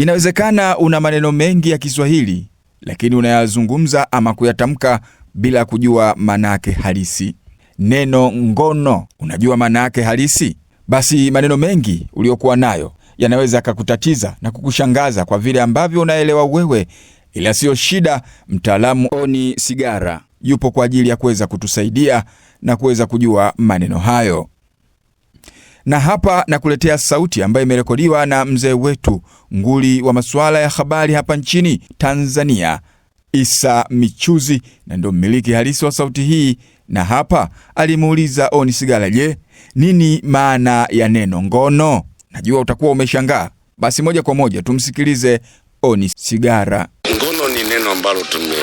Inawezekana una maneno mengi ya Kiswahili lakini unayazungumza ama kuyatamka bila kujua maana yake halisi. Neno ngono, unajua maana yake halisi? Basi maneno mengi uliokuwa nayo yanaweza yakakutatiza na kukushangaza kwa vile ambavyo unaelewa wewe, ila siyo shida. Mtaalamu Oni Sigara yupo kwa ajili ya kuweza kutusaidia na kuweza kujua maneno hayo na hapa nakuletea sauti ambayo imerekodiwa na mzee wetu nguli wa masuala ya habari hapa nchini Tanzania, Isa Michuzi, na ndio mmiliki halisi wa sauti hii. Na hapa alimuuliza Oni Sigala, je, nini maana ya neno ngono? Najua utakuwa umeshangaa, basi moja kwa moja tumsikilize Oni Sigara. Ngono ni neno ambalo tume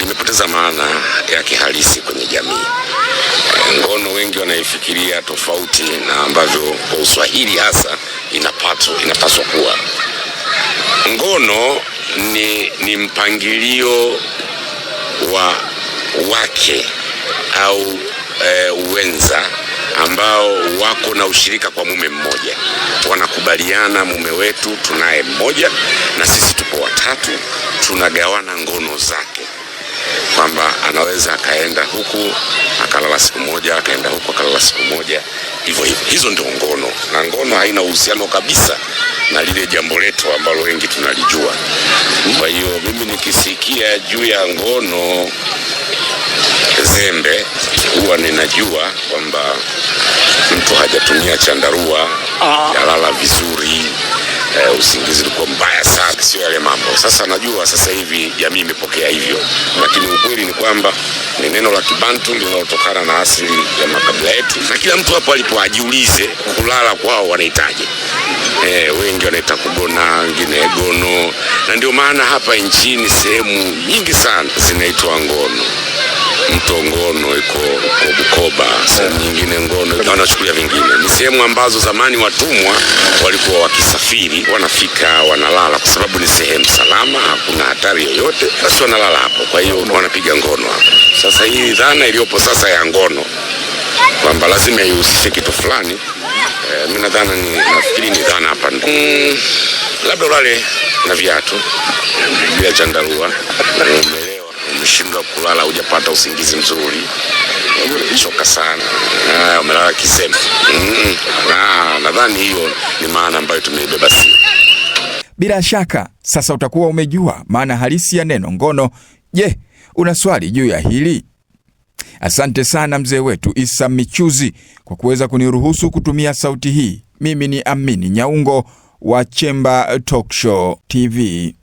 limepoteza maana yake halisi kwenye jamii ngono wengi wanaifikiria tofauti na ambavyo kwa Uswahili hasa inapaswa inapaswa kuwa. Ngono ni, ni mpangilio wa wake au e, wenza ambao wako na ushirika kwa mume mmoja, wanakubaliana mume wetu tunaye mmoja na sisi tuko watatu, tunagawana ngono zake anaweza akaenda huku akalala siku moja, akaenda huku akalala siku moja, hivyo hivyo. Hizo ndio ngono, na ngono haina uhusiano kabisa na lile jambo letu ambalo wengi tunalijua. Kwa hiyo mimi nikisikia juu ya ngono zembe, huwa ninajua kwamba mtu hajatumia chandarua, ah. jalala vizuri eh, usingizi ulikuwa mbaya sana, sio yale mambo. Sasa najua sasa hivi jamii imepokea hivyo, lakini ukweli ni kwamba ni neno la Kibantu linalotokana na asili ya makabila yetu, na kila mtu hapo alipo ajiulize kulala kwao wanahitaji Eh, wengi wanaita kugona, wengine gono, na ndio maana hapa nchini sehemu nyingi sana zinaitwa ngono mto ngono iko kwa Bukoba, sehemu nyingine ngono wanachukulia vingine. Ni sehemu ambazo zamani watumwa walikuwa wakisafiri, wanafika wanalala, kwa sababu ni sehemu salama, hakuna hatari yoyote, basi wanalala hapo. Kwa hiyo wanapiga ngono hapo. Sasa hii dhana iliyopo sasa ya ngono kwamba lazima ihusishe kitu fulani e, mimi nadhani ni nafikiri ni dhana hapa ndo mm, labda ulale na viatu bila chandarua umeshindwa kulala, hujapata usingizi mzuri, umechoka sana, umelala kisema. Nadhani hiyo ni maana ambayo tumeibeba si Bila shaka sasa utakuwa umejua maana halisi ya neno ngono. Je, una swali juu ya hili? Asante sana mzee wetu Isa Michuzi kwa kuweza kuniruhusu kutumia sauti hii. Mimi ni Amini Nyaungo wa Chemba Talk Show TV.